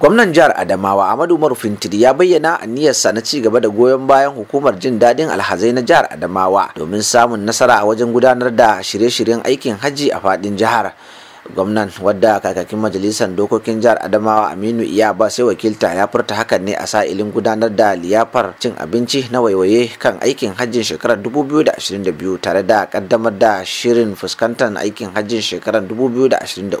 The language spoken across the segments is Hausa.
Gwamnan jihar Adamawa Ahmadu Umar Fintiri ya bayyana aniyarsa na ci gaba da goyon bayan hukumar jin daɗin alhazai na jihar Adamawa domin samun nasara a wajen gudanar da shirye-shiryen aikin hajji a faɗin jihar. gwamnan wadda kakakin majalisar dokokin jihar adamawa aminu iya ba sai wakilta ya furta hakan ne a sa'ilin gudanar da liyafar cin abinci na waiwaye kan aikin hajjin shekarar 2022 tare da ƙaddamar da shirin fuskantar aikin hajjin shekarar 2023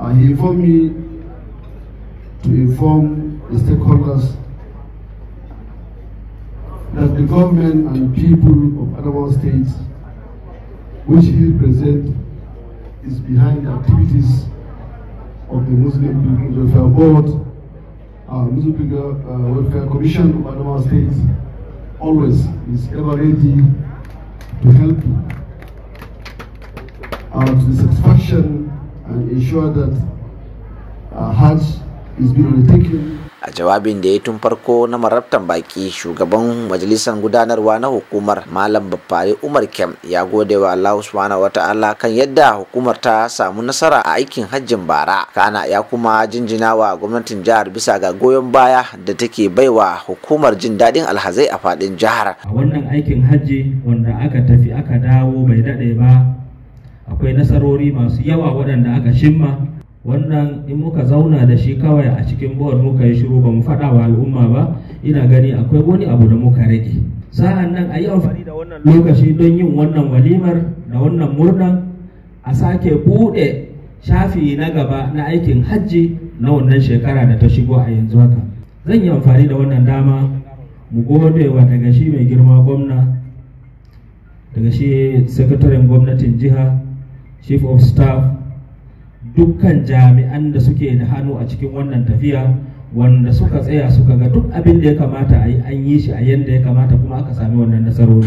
And he informed me to inform the stakeholders that the government and people of Adamawa states which he represents is behind the activities of the Muslim People Welfare Board, uh, Muslim People uh, Welfare Commission of Adamawa State, always is ever ready to help uh, to the satisfaction and ensure that Hajj is being undertaken. a jawabin da ya tun farko na marabtan baki shugaban majalisar gudanarwa na hukumar malam baffari umar kem ya gode wa allah subhanahu ta'ala kan yadda hukumar ta samu nasara a aikin hajjin bara kana ya kuma jinjina wa gwamnatin jihar bisa ga goyon baya da take baiwa hukumar jin daɗin alhazai a faɗin jihar a wannan aikin hajji wanda aka tafi aka dawo bai daɗe ba akwai nasarori masu yawa waɗanda aka shimma wannan in muka zauna da shi kawai a cikin bawar muka yi shiru ba mu faɗa wa al'umma ba ina gani akwai wani abu da muka rage sa'an nan a yi amfani da wannan lokaci don yin wannan walimar da wannan murnan a sake buɗe shafi na gaba na aikin hajji na wannan shekara da ta shigo a yanzu haka zan yi amfani da wannan dama mu gode wa daga shi mai girma gwamna daga shi sakataren gwamnatin jiha chief of staff dukkan jami'an da suke da hannu a cikin wannan tafiya wanda suka tsaya suka ga duk abin da ya kamata a yi an yi shi a yadda ya kamata kuma aka sami wannan nasarori.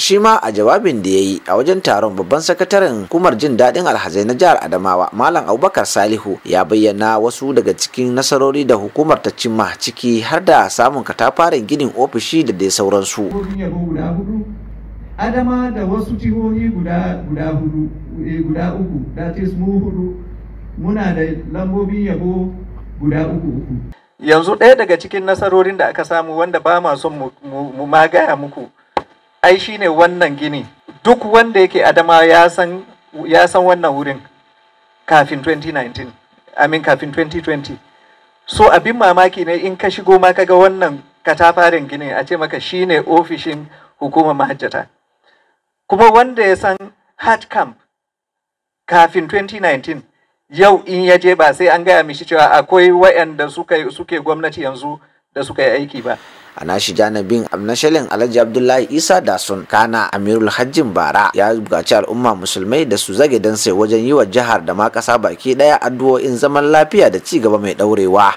shi ma a jawabin da ya yi a wajen taron babban sakataren hukumar jin daɗin alhazai na jihar adamawa malam abubakar salihu ya bayyana wasu daga cikin nasarori da hukumar ta cimma ciki har da samun katafaren ginin ofishi da dai sauransu adama da wasu jihohi guda guda hudu eh, guda uku that is mu hudu muna da lambobin yabo guda uku uku yanzu ɗaya daga cikin nasarorin da aka samu wanda ba ma son mu magaya muku ai shine wannan gini duk wanda yake adama ya san ya san wannan wurin kafin 2019 amin kafin 2020 so abin mamaki ne in ka shigo ma kaga wannan katafaren gini, a ce maka shine ofishin hukumar mahajjata kuma wanda ya san hard camp kafin 2019 yau in ya je ba sai an gaya mishi cewa akwai wa'anda suke gwamnati yanzu da suka yi aiki ba a nashi janabin amnashalin alhaji abdullahi isa da sun kana amirul hajjin bara ya bukaci al'umma musulmai da su zage dan sai wajen yi wa jihar da ma ƙasa baki ɗaya addu'o'in zaman lafiya da ci gaba mai ɗaurewa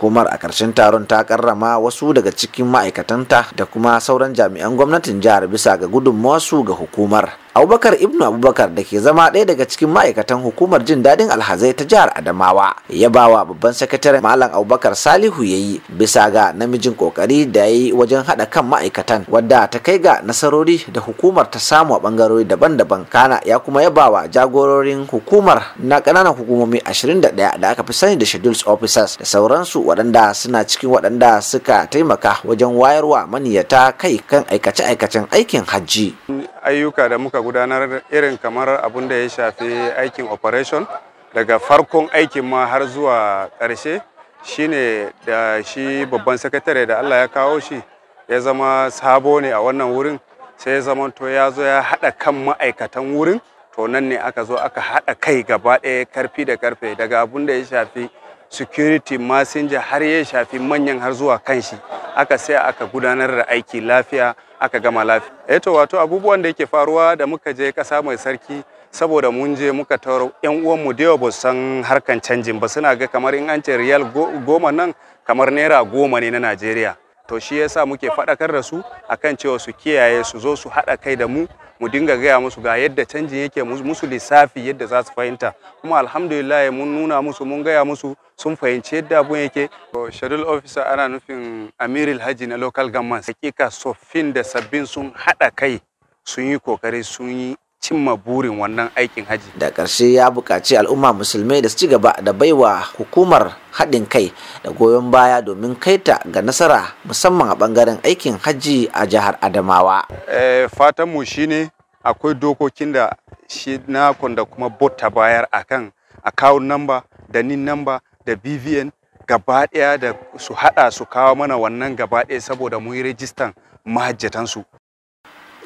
hukumar a ƙarshen taron ta karrama wasu daga cikin ma'aikatanta da kuma sauran jami'an gwamnatin jihar bisa ga gudunmawarsu ga hukumar abubakar ibnu abubakar da ke zama ɗaya daga cikin ma'aikatan hukumar jin daɗin alhazai ta jihar adamawa ya bawa babban sakataren malam abubakar salihu ya yi bisa ga namijin kokari da ya yi wajen haɗa kan ma'aikatan wadda ta kai ga nasarori da hukumar ta samu a ɓangarori daban-daban kana ya kuma ya yabawa jagororin hukumar na ƙananan hukumomi 21 da aka fi sani da schedules officers da sauransu waɗanda suna cikin waɗanda suka taimaka wajen wayarwa maniyata kai kan aikace-aikacen aikin hajji ayyuka da muka gudanar irin kamar abun da ya shafi aikin operation daga farkon aikin ma har zuwa ƙarshe shine da shi babban sakatare da Allah ya kawo shi ya zama sabo ne a wannan wurin sai ya zama to ya zo ya haɗa kan ma'aikatan wurin to nan ne aka zo aka haɗa kai gaba ɗaya karfi da karfe daga abun da ya shafi security masinja har ya shafi manyan har zuwa kanshi aka sai aka gudanar da aiki lafiya aka gama lafiya Eto eh wato abubuwan da yake faruwa da muka je kasa mai sarki saboda mun je muka taro yan uwan mu da yawa san harkan canjin ba suna ga kamar in an ce riyal goma nan kamar naira goma ne na Najeriya to shi yasa muke faɗakar da su akan cewa su kiyaye su zo su haɗa kai da mu mu dinga gaya musu ga yadda canjin yake musu lissafi yadda za su fahimta kuma alhamdulillah mun nuna musu mun gaya musu sun fahimci yadda abun yake to shadul officer ana nufin kwamitin amiril na local government hakika soffin da sabbin sun haɗa kai sun yi kokari sun yi cimma burin wannan aikin haji da ƙarshe ya buƙaci al'umma musulmai da su ci gaba da baiwa hukumar haɗin kai da goyon baya domin kaita ga nasara musamman a ɓangaren aikin haji a jihar adamawa eh, fatanmu shine akwai dokokin da shi nakon da kuma bota bayar akan account number da nin number da bvn gaba ɗaya da su haɗa su kawo mana wannan gaba ɗaya saboda mu yi rijistan mahajjatansu.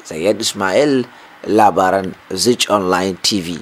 Zayyad Ismail labaran Zich Online TV.